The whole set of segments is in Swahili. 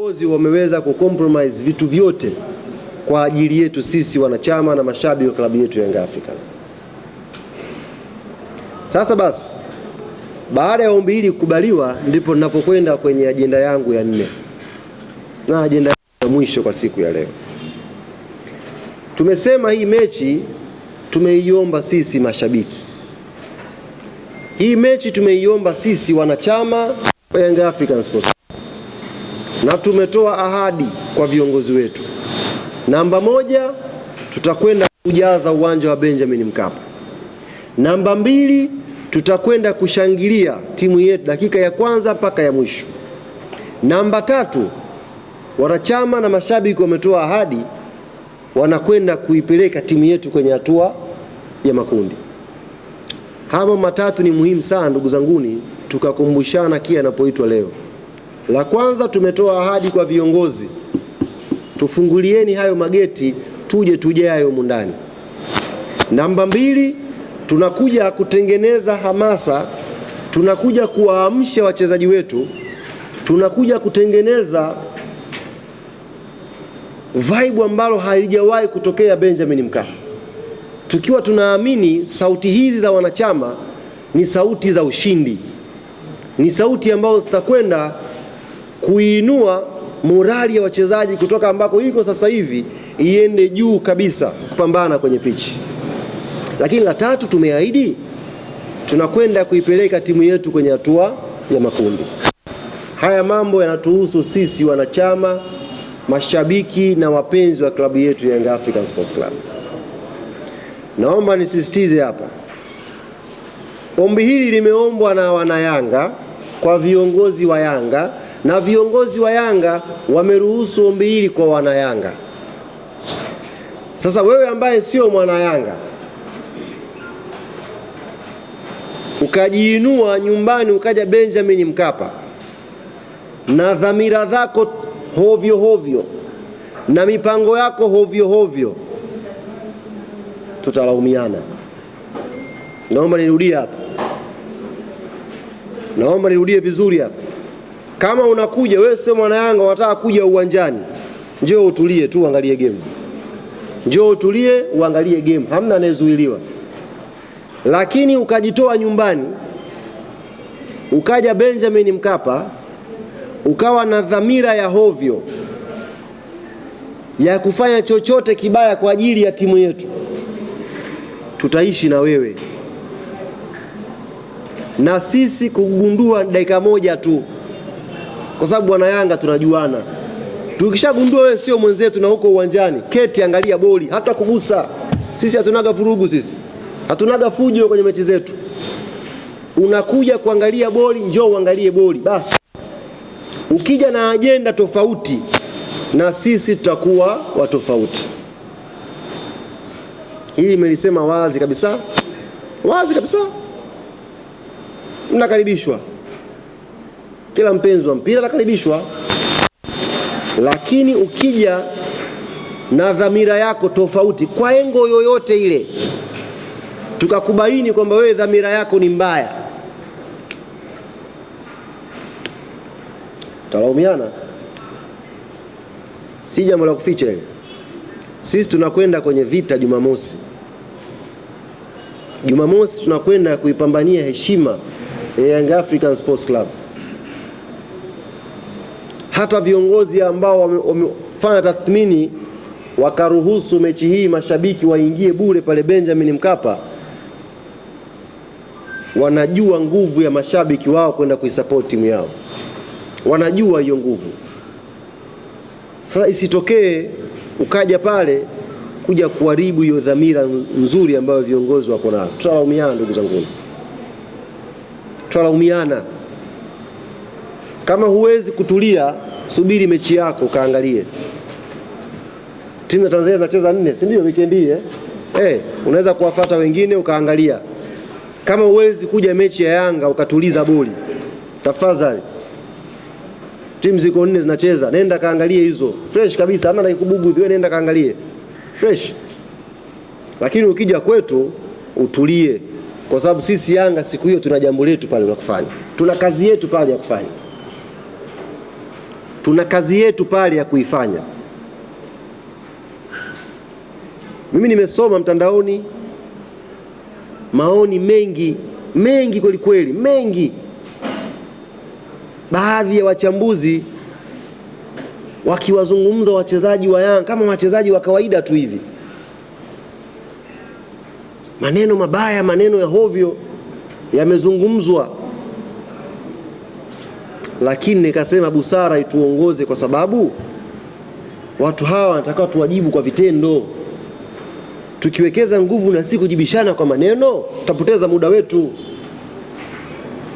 Viongozi wameweza kucompromise vitu vyote kwa ajili yetu sisi wanachama na mashabiki wa klabu yetu Young Africans. Sasa basi, baada ya ombi hili kukubaliwa, ndipo ninapokwenda kwenye ajenda yangu ya nne na ajenda ya mwisho kwa siku ya leo. Tumesema hii mechi tumeiomba sisi mashabiki, hii mechi tumeiomba sisi wanachama wa Young Africans Sports na tumetoa ahadi kwa viongozi wetu. Namba moja, tutakwenda kujaza uwanja wa Benjamin Mkapa. Namba mbili, tutakwenda kushangilia timu yetu dakika ya kwanza mpaka ya mwisho. Namba tatu, wanachama na mashabiki wametoa ahadi, wanakwenda kuipeleka timu yetu kwenye hatua ya makundi. Hamo matatu ni muhimu sana, ndugu zanguni, tukakumbushana kia anapoitwa leo. La kwanza tumetoa ahadi kwa viongozi, tufungulieni hayo mageti tuje tuje humu ndani. Namba mbili, tunakuja kutengeneza hamasa, tunakuja kuwaamsha wachezaji wetu, tunakuja kutengeneza vibe ambalo halijawahi kutokea Benjamin Mkapa, tukiwa tunaamini sauti hizi za wanachama ni sauti za ushindi, ni sauti ambazo zitakwenda kuinua morali ya wachezaji kutoka ambako iko sasa hivi iende juu kabisa kupambana kwenye pichi. Lakini la tatu, tumeahidi tunakwenda kuipeleka timu yetu kwenye hatua ya makundi. Haya mambo yanatuhusu sisi wanachama, mashabiki na wapenzi wa klabu yetu ya Yanga African Sports Club. Naomba nisisitize hapa, ombi hili limeombwa na wanayanga kwa viongozi wa Yanga na viongozi wa Yanga wameruhusu ombi hili kwa yanga Sasa wewe ambaye sio mwana yanga ukajiinua nyumbani ukaja Benjamin Mkapa na dhamira zako hovyo hovyo na mipango yako hovyo hovyo, tutalaumiana. Naomba nirudie hapa, naomba nirudie vizuri hapa. Kama unakuja wewe sio mwana Yanga, unataka kuja uwanjani, njoo utulie tu uangalie game, njoo utulie uangalie game, hamna anayezuiliwa. Lakini ukajitoa nyumbani ukaja Benjamin Mkapa ukawa na dhamira ya hovyo ya kufanya chochote kibaya kwa ajili ya timu yetu, tutaishi na wewe na sisi kugundua dakika moja tu kwa sababu wana Yanga tunajuana. Tukishagundua wewe sio mwenzetu na huko uwanjani, keti, angalia boli, hata kugusa. Sisi hatunaga vurugu, sisi hatunaga fujo kwenye mechi zetu. Unakuja kuangalia boli, njoo uangalie boli basi. Ukija na ajenda tofauti na sisi tutakuwa wa tofauti. Hili melisema wazi kabisa, wazi kabisa. Mnakaribishwa kila mpenzi wa mpira anakaribishwa, lakini ukija na dhamira yako tofauti kwa engo yoyote ile, tukakubaini kwamba wewe dhamira yako ni mbaya, talaumiana. Si jambo la kuficha ile. Sisi tunakwenda kwenye vita Jumamosi. Jumamosi tunakwenda kuipambania heshima ya Young African Sports Club hata viongozi ambao wamefanya tathmini wakaruhusu mechi hii mashabiki waingie bure pale Benjamin Mkapa, wanajua nguvu ya mashabiki wao kwenda kuisupport timu yao, wanajua hiyo nguvu. Sasa isitokee ukaja pale kuja kuharibu hiyo dhamira nzuri ambayo viongozi wako nayo. Tutalaumiana ndugu zangu, tutalaumiana kama huwezi kutulia subiri mechi yako kaangalie. Timu za Tanzania zinacheza nne, si ndio? Weekend hii eh, hey, eh, unaweza kuwafuata wengine ukaangalia. Kama uwezi kuja mechi ya Yanga ukatuliza boli, tafadhali. Timu ziko nne zinacheza, nenda kaangalie hizo fresh kabisa, hamna nakikubugu, wewe nenda kaangalie fresh. Lakini ukija kwetu utulie, kwa sababu sisi Yanga siku hiyo tuna jambo letu pale la kufanya, tuna kazi yetu pale ya kufanya tuna kazi yetu pale ya kuifanya. Mimi nimesoma mtandaoni maoni mengi mengi kweli kweli, mengi. Baadhi ya wachambuzi wakiwazungumza wachezaji wa Yanga kama wachezaji wa kawaida tu hivi, maneno mabaya, maneno ya hovyo yamezungumzwa lakini nikasema busara ituongoze, kwa sababu watu hawa wanatakiwa tuwajibu kwa vitendo. Tukiwekeza nguvu na si kujibishana kwa maneno, tutapoteza muda wetu.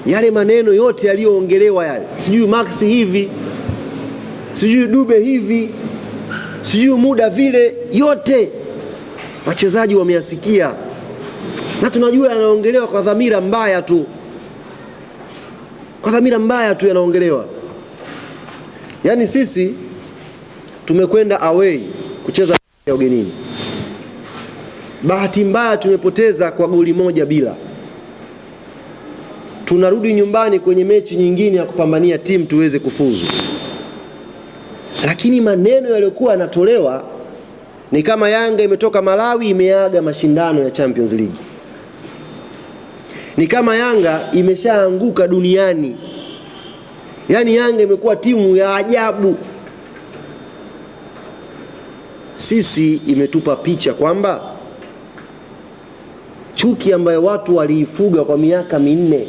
Yale maneno yote yaliyoongelewa yale, sijui Max hivi, sijui Dube hivi, sijui muda vile, yote wachezaji wameyasikia na tunajua yanaongelewa kwa dhamira mbaya tu kwa dhamira mbaya tu yanaongelewa. Yaani sisi tumekwenda away kucheza ya ugenini, bahati mbaya tumepoteza kwa goli moja bila. Tunarudi nyumbani kwenye mechi nyingine ya kupambania timu tuweze kufuzu, lakini maneno yaliyokuwa yanatolewa ni kama Yanga imetoka Malawi imeaga mashindano ya Champions League ni kama Yanga imeshaanguka duniani. Yaani Yanga imekuwa timu ya ajabu. Sisi imetupa picha kwamba chuki ambayo watu waliifuga kwa miaka minne,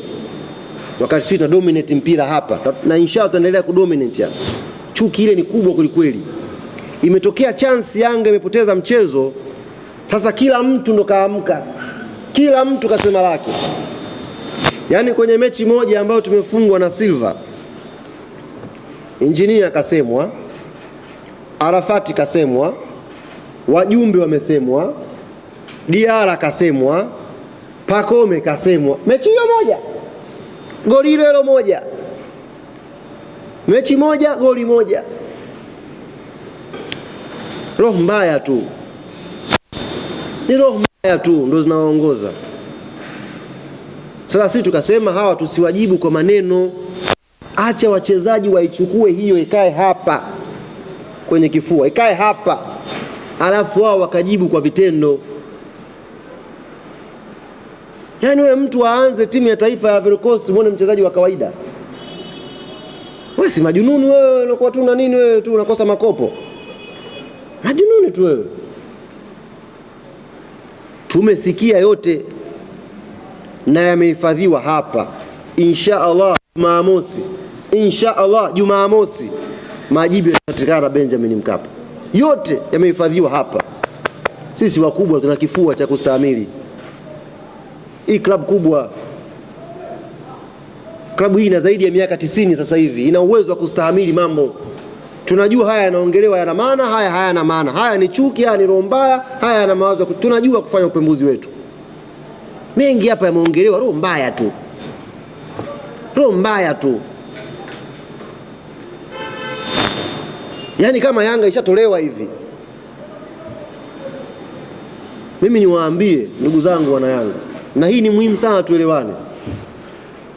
wakati sisi tuna dominate mpira hapa na inshallah tutaendelea kudominate hapa. Chuki ile ni kubwa kwelikweli. Imetokea chance Yanga imepoteza mchezo, sasa kila mtu ndo kaamka, kila mtu kasema lake. Yaani kwenye mechi moja ambayo tumefungwa na Silva, injinia kasemwa, Arafati kasemwa, wajumbe wamesemwa, Diara kasemwa, Pakome kasemwa, mechi hiyo moja, goli hilo moja, mechi moja, goli moja. Roho mbaya tu, ni roho mbaya tu ndo zinawaongoza. Sasa sisi tukasema hawa tusiwajibu kwa maneno, acha wachezaji waichukue hiyo, ikae hapa kwenye kifua, ikae hapa, alafu wao wakajibu kwa vitendo. Yaani wewe mtu aanze timu ya taifa ya Ivory Coast, muone mchezaji wa kawaida wewe, si majununi wewe, unakuwa tu na nini wewe, tu unakosa makopo, majununi tu wewe. Tumesikia yote na yamehifadhiwa hapa insha Allah Jumamosi, insha Allah Jumamosi majibu yatapatikana na Benjamin Mkapa, yote yamehifadhiwa hapa. Sisi wakubwa tuna kifua cha kustahimili. Hii klabu kubwa, klabu hii ina zaidi ya miaka tisini sasa hivi, ina uwezo wa kustahimili mambo. Tunajua haya yanaongelewa yana maana, haya hayana maana, haya ni chuki, haya ni roho mbaya, haya yana mawazo. Tunajua kufanya upembuzi wetu mengi hapa yameongelewa, roho mbaya tu, roho mbaya tu. Yaani kama Yanga ishatolewa hivi, mimi niwaambie ndugu zangu, wana Yanga, na hii ni muhimu sana tuelewane.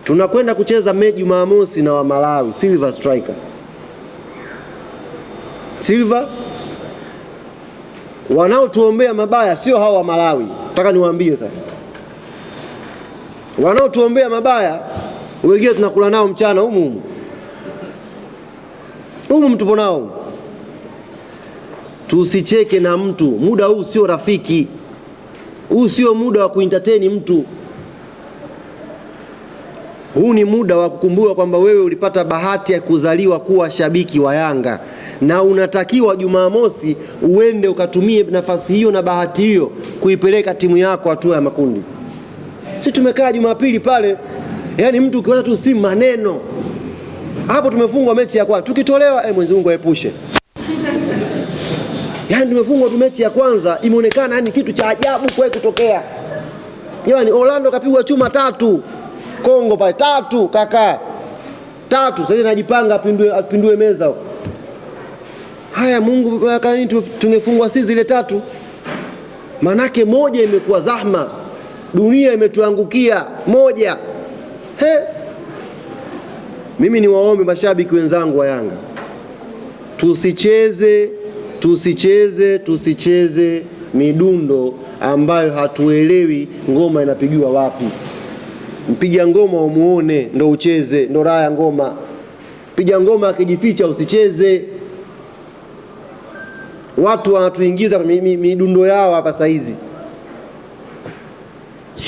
Tunakwenda kucheza mechi Jumamosi na wa Malawi Silver Striker. Silver wanaotuombea mabaya sio hao wa Malawi, nataka niwaambie sasa wanaotuombea mabaya wengine tunakula nao mchana humu humu humu mtupo nao. Tusicheke na mtu, muda huu sio rafiki, huu sio muda wa kuentertain mtu. Huu ni muda wa kukumbuka kwamba wewe ulipata bahati ya kuzaliwa kuwa shabiki wa Yanga na unatakiwa Jumamosi uende ukatumie nafasi hiyo na bahati hiyo kuipeleka timu yako hatua ya makundi si tumekaa Jumapili pale, yani mtu ukiwaza tu si maneno hapo. Tumefungwa mechi ya kwanza tukitolewa, eh, Mwenyezi Mungu aepushe. Yaani tumefungwa tu mechi ya kwanza imeonekana yani kitu cha ajabu kwa kutokea. Yaani Orlando kapigwa chuma tatu Kongo pale tatu kaka tatu. Sasa najipanga apindue, apindue meza huko. Haya, Mungu, tungefungwa sisi zile tatu, manake moja imekuwa zahma dunia imetuangukia moja. He, mimi niwaombe mashabiki wenzangu wa Yanga, tusicheze tusicheze tusicheze midundo ambayo hatuelewi ngoma inapigiwa wapi. Mpiga ngoma umuone, ndo ucheze, ndo raha ya ngoma. Piga ngoma akijificha usicheze. Watu wanatuingiza kwenye midundo yao hapa sahizi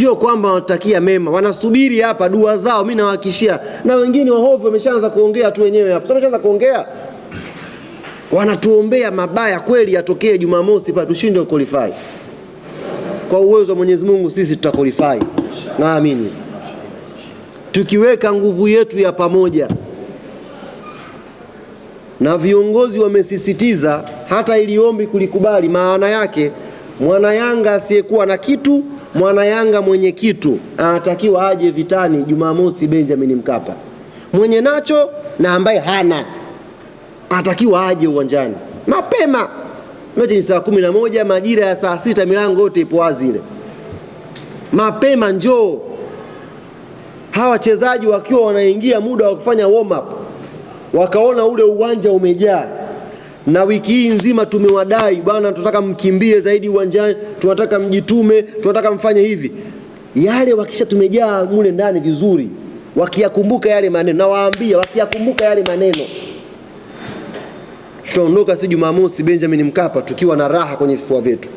sio kwamba wanatakia mema, wanasubiri hapa dua zao. Mimi nawahakishia, na wengine wahovu wameshaanza kuongea tu wenyewe hapo, wameshaanza kuongea, wanatuombea mabaya kweli yatokee Jumamosi pale tushinde qualify. Kwa uwezo wa Mwenyezi Mungu sisi tutaqualify, naamini tukiweka nguvu yetu ya pamoja na viongozi wamesisitiza hata ili ombi kulikubali, maana yake mwana Yanga asiyekuwa na kitu mwana Yanga mwenye kitu anatakiwa aje vitani Jumamosi Benjamin Mkapa, mwenye nacho na ambaye hana anatakiwa aje uwanjani mapema. Mechi ni saa kumi na moja majira ya saa sita, milango yote ipo wazi ile. Mapema njoo, hawa wachezaji wakiwa wanaingia muda wa kufanya warm up, wakaona ule uwanja umejaa na wiki hii nzima tumewadai bwana, tunataka mkimbie zaidi uwanjani, tunataka mjitume, tunataka mfanye hivi. Yale wakisha tumejaa mule ndani vizuri, wakiyakumbuka yale maneno, nawaambia wakiyakumbuka yale maneno, tutaondoka si Jumamosi Benjamin Mkapa tukiwa na raha kwenye vifua vyetu.